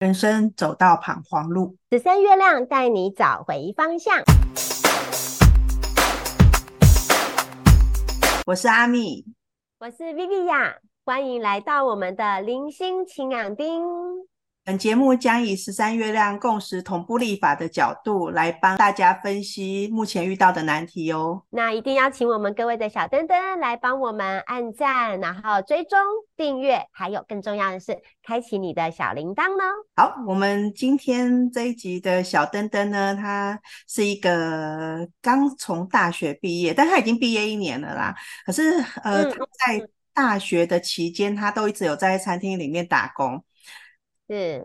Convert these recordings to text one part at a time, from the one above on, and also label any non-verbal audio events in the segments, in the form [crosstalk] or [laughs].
人生走到彷徨路，十三月亮帶你找回方向。我是阿蜜，我是薇薇亞，歡迎來到我們的人生 A 青紅燈。本節目將以十三月亮共時同步曆法，的角度來幫大家分析目前遇到的難題哦。那一定要請我們各位的小燈燈來幫我們按贊，然後追蹤訂閱，還有更重要的是，開啟你的小鈴鐺呢、哦。好，我們今天這一集的小燈燈呢，他是一個剛從大學畢業，但他已經畢業一年了啦。可是，呃，他、嗯、在大學的期間，他都一直有在餐廳裡面打工。嗯，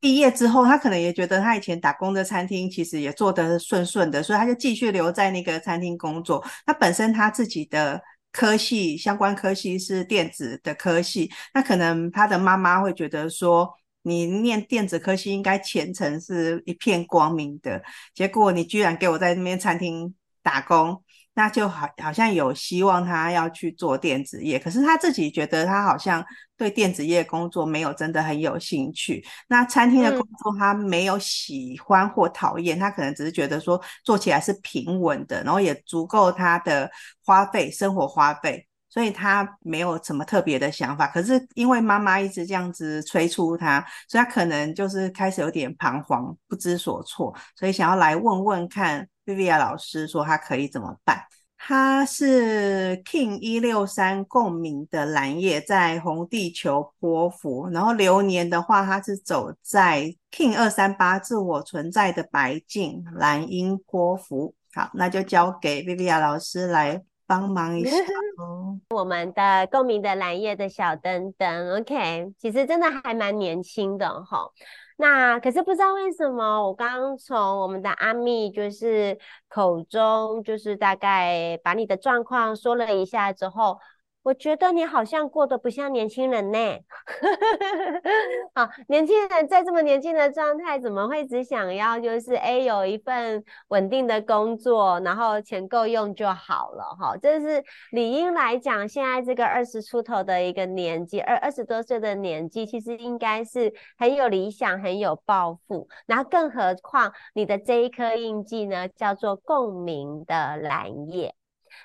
畢業之後，他可能也覺得他以前打工的餐廳其實也做得順順的，所以他就繼續留在那個餐廳工作。他本身他自己的科系，相關科系是電子的科系，那可能他的媽媽會覺得說，你念電子科系應該前程是一片光明的，結果你居然給我在那邊餐廳打工。那就好，好像有希望他要去做電子業，可是他自己覺得他好像對電子業工作沒有真的很有興趣。那餐廳的工作他沒有喜歡或討厭，嗯、他可能只是覺得說做起來是平穩的，然後也足夠他的花費、生活花費，所以他沒有什麼特別的想法。可是因為媽媽一直這樣子催促他，所以他可能就是開始有點彷徨、不知所措，所以想要來問問看。Viviya 老師說：“他可以怎麼辦？他是 King 一六三共鳴的藍夜，在紅地球波符。然後流年的話，他是走在 King 二三八自我存在的白鏡藍鷹波符。好，那就交給 Viviya 老師來幫忙一下、哦。 [laughs] 我們的共鳴的藍夜的小燈燈，OK，其實真的還蠻年輕的齁。”那可是不知道為什麼，我剛從我們的阿蜜就是口中，就是大概把你的狀況說了一下之後。我覺得你好像過得不像年輕人呢、欸。 [laughs] 好，年輕人在這麼年輕的狀態，怎麼會只想要就是哎有一份穩定的工作，然後錢夠用就好了哈？這是理應來講，現在這個二十出頭的一個年紀，二二十多歲的年紀，其實應該是很有理想、很有抱負。然後更何況你的這一顆印記呢，叫做共鳴的藍夜。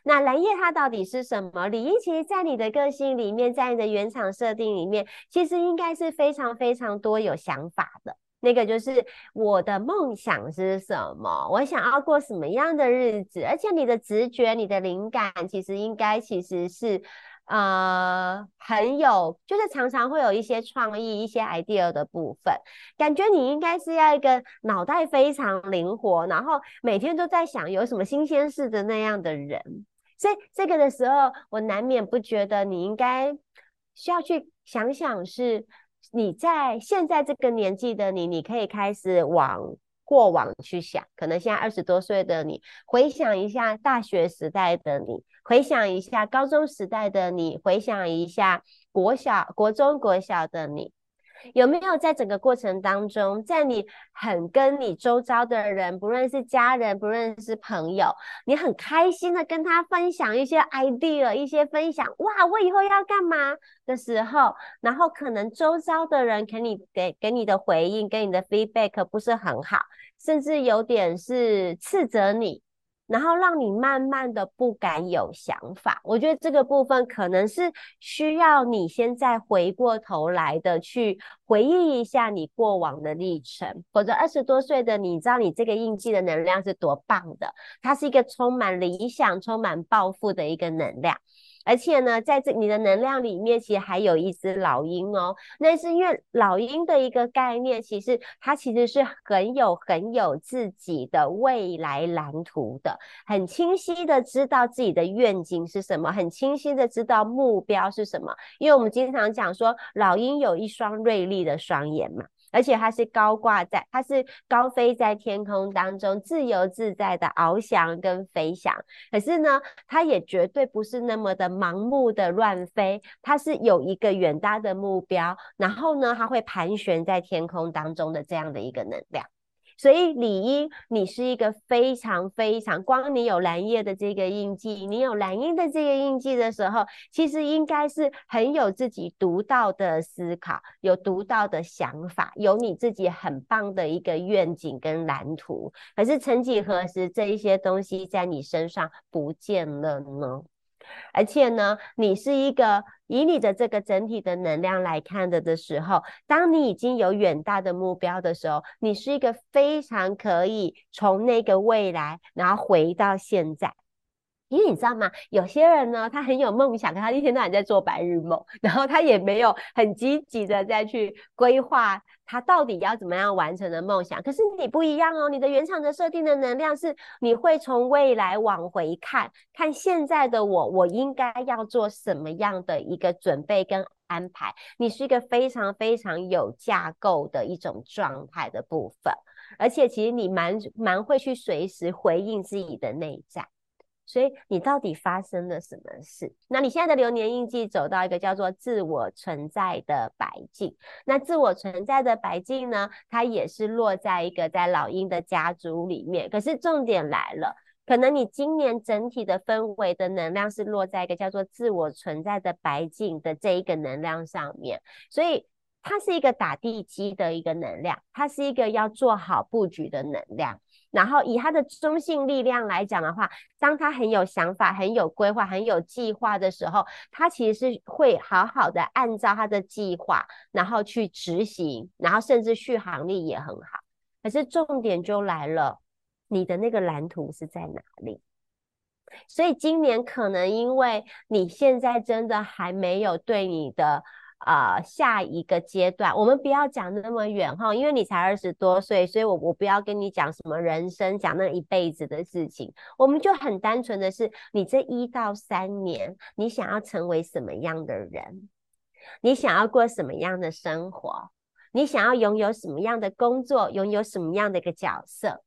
那藍夜它到底是什麼？禮儀其實，在你的個性裡面，在你的原廠設定裡面，其實應該是非常非常多有想法的。那個就是我的夢想是什麼？我想要過什麼樣的日子？而且你的直覺、你的靈感，其實應該其實是呃很有，就是常常會有一些創意、一些 idea 的部分。感覺你應該是要一個腦袋非常靈活，然後每天都在想有什麼新鮮事的那樣的人。這這個的時候，我難免不覺得你應該需要去想想，是你在現在這個年紀的你，你可以開始往過往去想。可能現在二十多歲的你，回想一下大學時代的你，回想一下高中時代的你，回想一下國小、國中、國小的你。有沒有在整個過程當中，在你很跟你周遭的人，不論是家人，不論是朋友，你很開心的跟他分享一些 idea 一些分享，哇，我以後要幹嘛的時候，然後可能周遭的人給你給給你的回應，給你的 feedback 不是很好，甚至有點是斥責你。然後讓你慢慢的不敢有想法，我覺得這個部分可能是需要你現在回過頭來的去回憶一下你過往的歷程，或者二十多歲的你，知道你這個印記的能量是多棒的，它是一個充滿理想、充滿抱負的一個能量。而且呢，在這你的能量裡面，其實還有一隻老鷹哦。那是因為老鷹的一個概念，其實它其實是很有很有自己的未來藍圖的，很清晰的知道自己的願景是什麼，很清晰的知道目標是什麼。因為我們經常講說，老鷹有一雙銳利的雙眼嘛。而且它是高掛在，它是高飛在天空當中，自由自在的翱翔跟飛翔。可是呢，它也絕對不是那麼的盲目的亂飛，它是有一個遠大的目標，然後呢，它會盤旋在天空當中的這樣的一個能量。所以理應你是一個非常非常，光你有藍夜的這個印記，你有藍夜的這個印記的時候，其實應該是很有自己獨到的思考，有獨到的想法，有你自己很棒的一個願景跟藍圖。可是曾幾何時，這一些東西在你身上不見了呢？而且呢，你是一個以你的這個整體的能量來看的的時候，當你已經有遠大的目標的時候，你是一個非常可以從那個未來，然後回到現在。因為你知道嗎？有些人呢，他很有夢想，可他一天到晚在做白日夢，然後他也沒有很積極的再去規劃他到底要怎麼樣完成的夢想。可是你不一樣哦，你的原廠的設定的能量是你會從未來往回看，看現在的我，我應該要做什麼樣的一個準備跟安排。你是一個非常非常有架構的一種狀態的部分，而且其實你蠻蠻會去隨時回應自己的內在。所以你到底發生了什麼事？那你現在的流年印記走到一個叫做自我存在的白鏡。那自我存在的白鏡呢，它也是落在一個在老鷹的家族裡面。可是重點來了，可能你今年整體的氛圍的能量是落在一個叫做自我存在的白鏡的這一個能量上面。所以它是一個打地基的一個能量，它是一個要做好布局的能量。然後以他的中性力量來講的話，當他很有想法、很有規劃、很有計劃的時候，他其實是會好好的按照他的計劃，然後去執行，然後甚至續航力也很好。可是重點就來了，你的那個藍圖是在哪裡？所以今年可能因為你現在真的還沒有對你的。呃，下一個階段，我們不要講那麼遠哈，因為你才二十多歲，所以我我不要跟你講什麼人生，講那一輩子的事情。我們就很單純的是，你這一到三年，你想要成為什麼樣的人？你想要過什麼樣的生活？你想要擁有什麼樣的工作？擁有什麼樣的一個角色？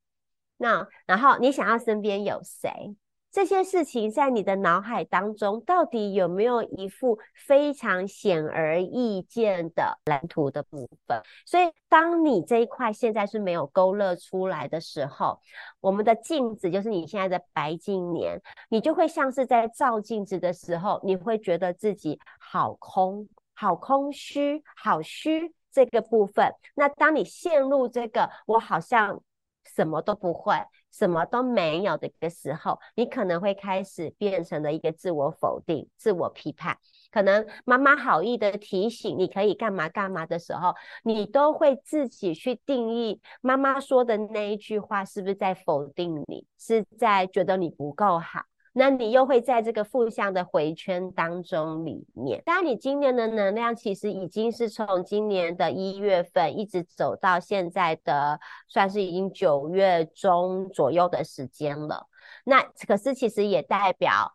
那然後你想要身邊有誰？這些事情在你的腦海當中，到底有沒有一幅非常顯而易見的藍圖的部分？所以，當你這一塊現在是沒有勾勒出來的時候，我們的鏡子就是你現在的白鏡年。你就會像是在照鏡子的時候，你會覺得自己好空、好空虛、好虛這個部分。那當你陷入這個，我好像什麼都不會。什麼都沒有的一個時候，你可能會開始變成了一個自我否定、自我批判。可能媽媽好意的提醒你可以幹嘛幹嘛的時候，你都會自己去定義媽媽說的那一句話是不是在否定你，是在覺得你不夠好。那你又會在這個負向的回圈當中裡面，當然你今年的能量其實已經是從今年的一月份一直走到現在的，算是已經九月中左右的時間了。那可是其實也代表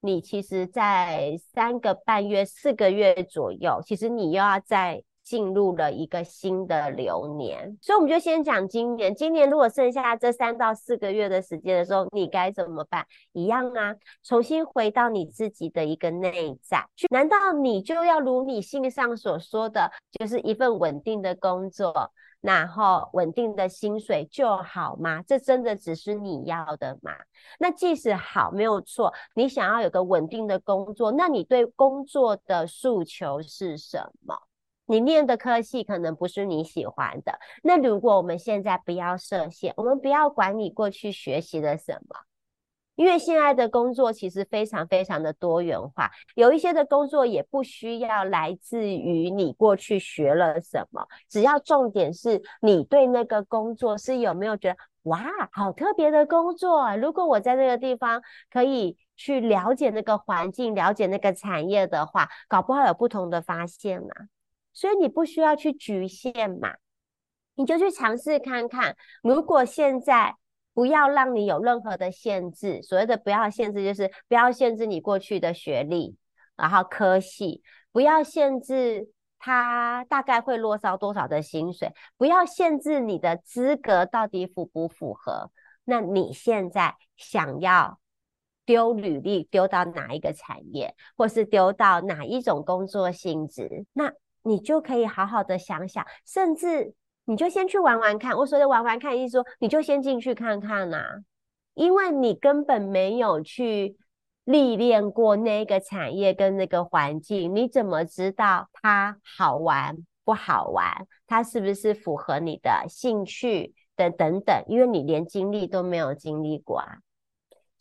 你其實，在三個半月、四個月左右，其實你又要在。進入了一個新的流年，所以我們就先講今年。今年如果剩下這三到四個月的時間的時候，你該怎麼辦？一樣啊，重新回到你自己的一個內在。難道你就要如你信上所說的，就是一份穩定的工作，然後穩定的薪水就好嗎？這真的只是你要的嗎？那即使好，沒有錯，你想要有個穩定的工作，那你對工作的訴求是什麼？你念的科系可能不是你喜歡的，那如果我們現在不要設限，我們不要管你過去學習了什麼，因為現在的工作其實非常非常的多元化，有一些的工作也不需要來自於你過去學了什麼，只要重點是你對那個工作是有沒有覺得哇，好特別的工作啊，如果我在那個地方可以去了解那個環境，了解那個產業的話，搞不好有不同的發現呢啊。所以你不需要去侷限嘛，你就去嘗試看看。如果現在不要讓你有任何的限制，所謂的不要限制，就是不要限制你過去的學歷，然後科系，不要限制它大概會落到多少的薪水，不要限制你的資格到底符不符合。那你現在想要丟履歷丟到哪一個產業，或是丟到哪一種工作性質，那？你就可以好好的想想，甚至你就先去玩玩看。我說的玩玩看，意思說你就先進去看看啦、啊，因為你根本沒有去歷練過那個產業跟那個環境，你怎麼知道它好玩不好玩？它是不是符合你的興趣？等等等，因為你連經歷都沒有經歷過啊。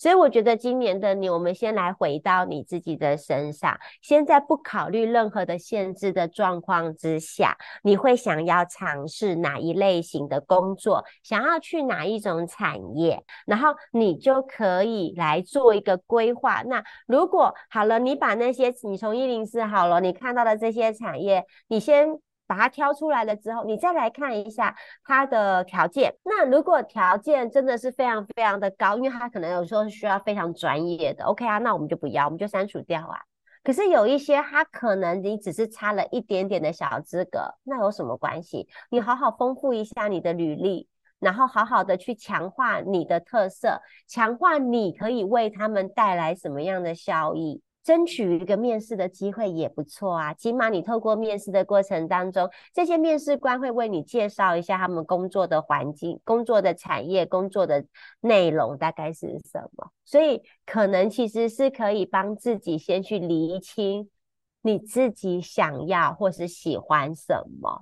所以我覺得今年的你，我們先來回到你自己的身上。現在不考慮任何的限制的狀況之下，你會想要嘗試哪一類型的工作？想要去哪一種產業？然後你就可以來做一個規劃。那如果好了，你把那些你從一零四好了，你看到的這些產業，你先。把它挑出來了之後，你再來看一下它的條件。那如果條件真的是非常非常的高，因為它可能有時候需要非常專業的，OK 啊，那我們就不要，我們就刪除掉啊。可是有一些，它可能你只是差了一點點的小資格，那有什麼關係？你好好豐富一下你的履歷，然後好好的去強化你的特色，強化你可以為他們帶來什麼樣的效益。爭取一個面試的機會也不錯啊，起碼你透過面試的過程當中，這些面試官會為你介紹一下他們工作的環境、工作的產業、工作的內容大概是什麼，所以可能其實是可以幫自己先去理清你自己想要或是喜歡什麼，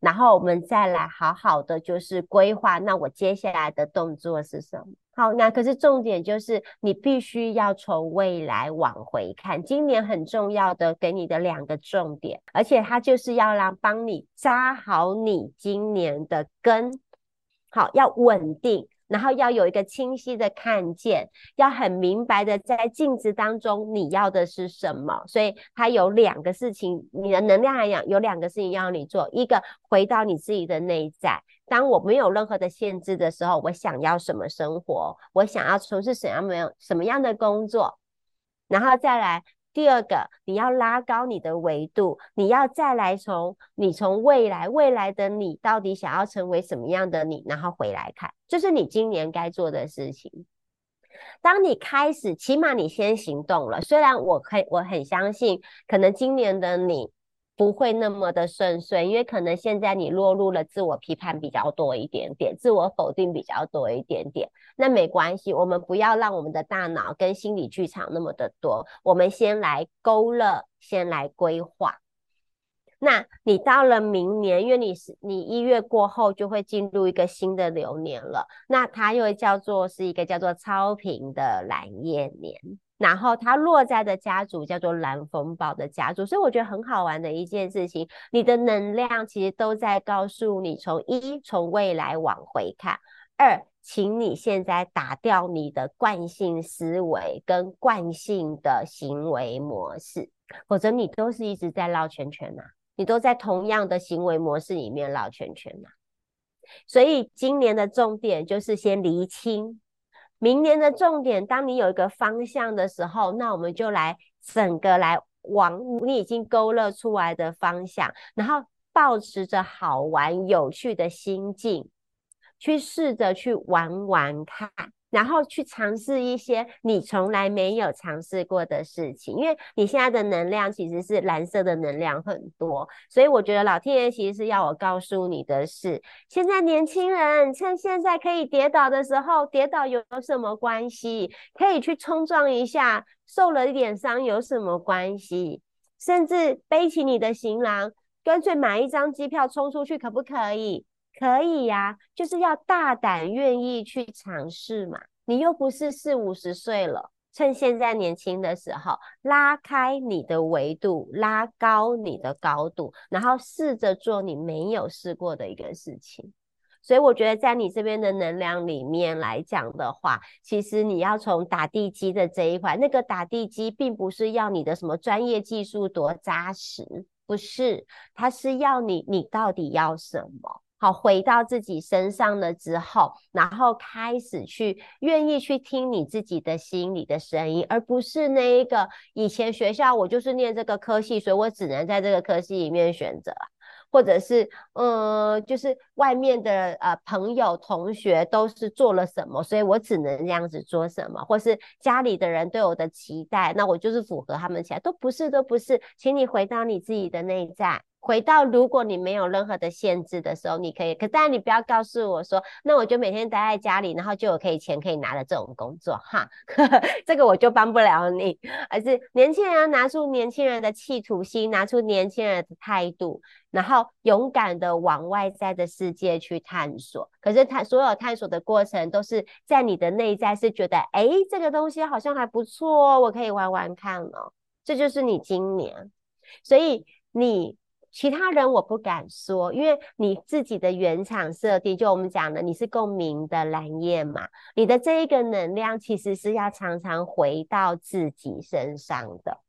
然後我們再來好好的就是規劃，那我接下來的動作是什麼？好，那可是重點就是你必須要從未來往回看。今年很重要的給你的兩個重點，而且它就是要讓幫你扎好你今年的根，好，要穩定，然後要有一個清晰的看見，要很明白的在鏡子當中你要的是什麼。所以它有兩個事情，你的能量來講，有兩個事情要你做，一個回到你自己的內在。當我沒有任何的限制的時候，我想要什麼生活，我想要從事什麼樣的什麼樣的工作，然後再來第二個，你要拉高你的維度，你要再來從你從未來未來的你到底想要成為什麼樣的你，然後回來看，就是你今年該做的事情。當你開始，起碼你先行動了。雖然我可以，我很相信，可能今年的你。不會那麼的順遂，因為可能現在你落入了自我批判比較多一點點，自我否定比較多一點點。那沒關係，我們不要讓我們的大腦跟心理劇場那麼的多。我們先來勾勒，先來規劃。那你到了明年，因為你是你一月過後就會進入一個新的流年了，那它又會叫做是一個叫做超頻的藍夜年。然後他落在的家族叫做藍風暴的家族，所以我覺得很好玩的一件事情。你的能量其實都在告訴你：從一從未來往回看，二，請你現在打掉你的慣性思維跟慣性的行為模式，否則你都是一直在繞圈圈吶、啊，你都在同樣的行為模式裡面繞圈圈吶、啊。所以今年的重點就是先釐清。明年的重點，當你有一個方向的時候，那我們就來整個來往你已經勾勒出來的方向，然後抱持着好玩有趣的心境，去試着去玩玩看。然後去嘗試一些你從來沒有嘗試過的事情，因為你現在的能量其實是藍色的能量很多，所以我覺得老天爺其實是要我告訴你的是，現在年輕人趁現在可以跌倒的時候，跌倒有什麼關係？可以去衝撞一下，受了一點傷有什麼關係？甚至背起你的行囊，乾脆買一張機票衝出去，可不可以？可以呀、啊，就是要大膽、願意去嘗試嘛。你又不是四五十歲了，趁現在年輕的時候，拉開你的維度，拉高你的高度，然後試着做你沒有試過的一個事情。所以我覺得，在你這邊的能量裡面來講的話，其實你要從打地基的這一塊，那個打地基並不是要你的什麼專業技術多紮實，不是，它是要你你到底要什麼。好，回到自己身上了之後，然後開始去願意去聽你自己的心裡的聲音，而不是那一個以前學校我就是念這個科系，所以我只能在這個科系裡面選擇，或者是嗯，就是外面的呃朋友同學都是做了什麼，所以我只能這樣子做什麼，或是家裡的人對我的期待，那我就是符合他們起來，都不是，都不是，請你回到你自己的內在。回到，如果你沒有任何的限制的時候，你可以，可但你不要告訴我說，那我就每天待在家裡，然後就有可以錢可以拿的這種工作哈呵呵，這個我就幫不了你。而是年輕人要拿出年輕人的企圖心，拿出年輕人的態度，然後勇敢的往外在的世界去探索。可是探所有探索的過程都是在你的內在，是覺得哎，這個東西好像還不錯哦，我可以玩玩看哦。這就是你今年，所以你。其他人我不敢說，因為你自己的原廠設定，就我們講的，你是共鳴的藍夜嘛，你的這一個能量其實是要常常回到自己身上的，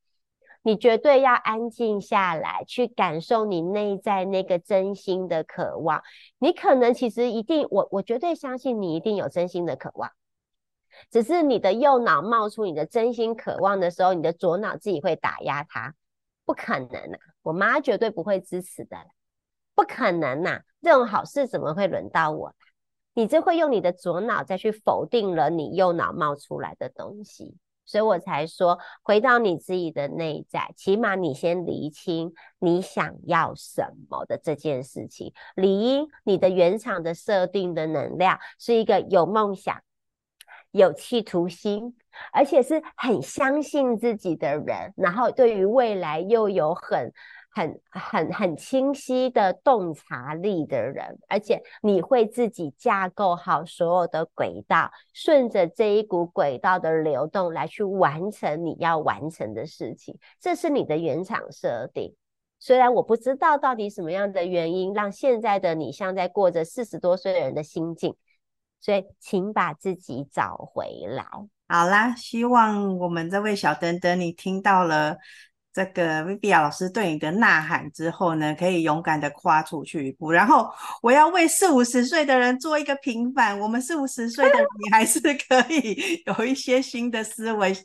你絕對要安靜下來，去感受你內在那個真心的渴望。你可能其實一定，我我絕對相信你一定有真心的渴望，只是你的右腦冒出你的真心渴望的時候，你的左腦自己會打壓它，不可能的啊。我媽絕對不會支持的，不可能吶、啊！這種好事怎麼會輪到我？你只會用你的左腦再去否定了你右腦冒出來的東西，所以我才說，回到你自己的內在，起碼你先釐清你想要什麼的這件事情。理應你的原廠的設定的能量是一個有夢想、有企圖心，而且是很相信自己的人，然後對於未來又有很很很很清晰的洞察力的人，而且你會自己架構好所有的軌道，順着這一股軌道的流動來去完成你要完成的事情，這是你的原廠設定。雖然我不知道到底什麼樣的原因讓現在的你像在過着四十多歲的人的心境，所以請把自己找回來。好啦，希望我們這位小燈燈你聽到了。這個 Viviya 老師對你的吶喊之後呢，可以勇敢的跨出去一步。然後，我要為四五十歲的人做一個平反。我們四五十歲的人你還是可以有一些新的思維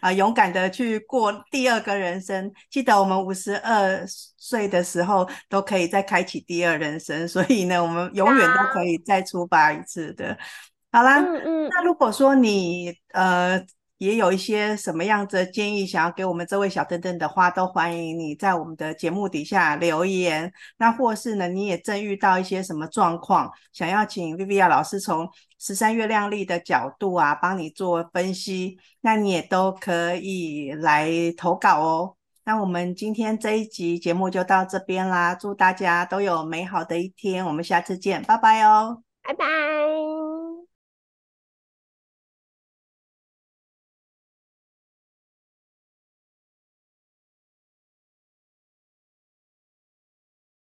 啊、呃，勇敢的去過第二個人生。記得我們五十二歲的時候都可以再開啟第二人生，所以呢，我們永遠都可以再出發一次的。好啦，嗯嗯，那如果說你呃。也有一些什麼樣子的建議想要給我們這位小燈燈的話，都歡迎你在我們的節目底下留言。那或是呢，你也正遇到一些什麼狀況，想要請 Viviya 老師從十三月亮曆的角度啊，幫你做分析，那你也都可以來投稿哦。那我們今天這一集節目就到這邊啦，祝大家都有美好的一天，我們下次見，拜拜哦，拜拜。